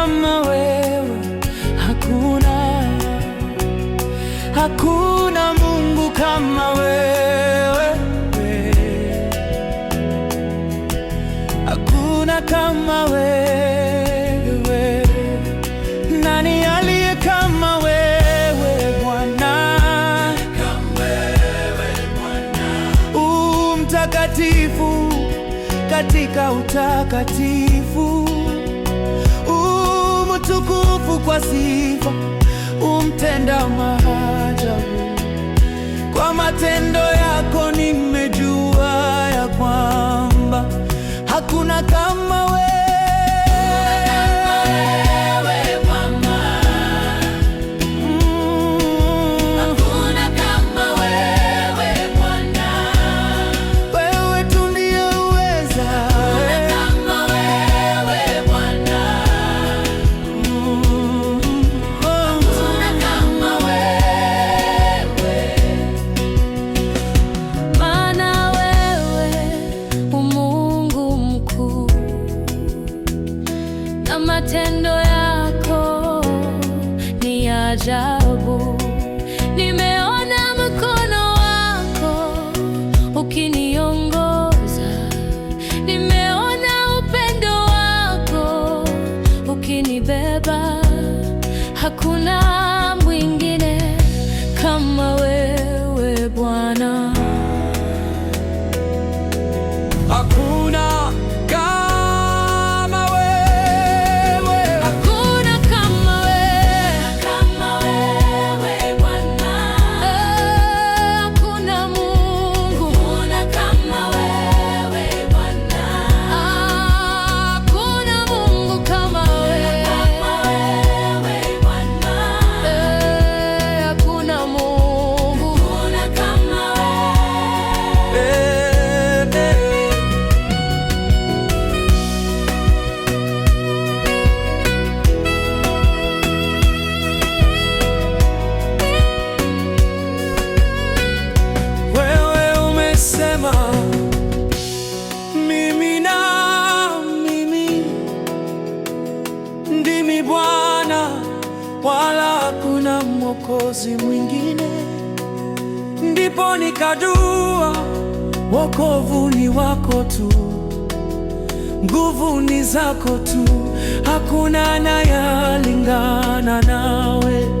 kama wewe hakuna, hakuna Mungu kama wewe, hakuna kama wewe, nani aliye kama wewe Bwana, umtakatifu katika utakatifu utukufu kwa sifa, umtenda maajabu kwa matendo na matendo yako ni ajabu. wala hakuna mwokozi mwingine. Ndipo nikajua wokovu ni wako tu, nguvu ni zako tu, hakuna anayalingana nawe.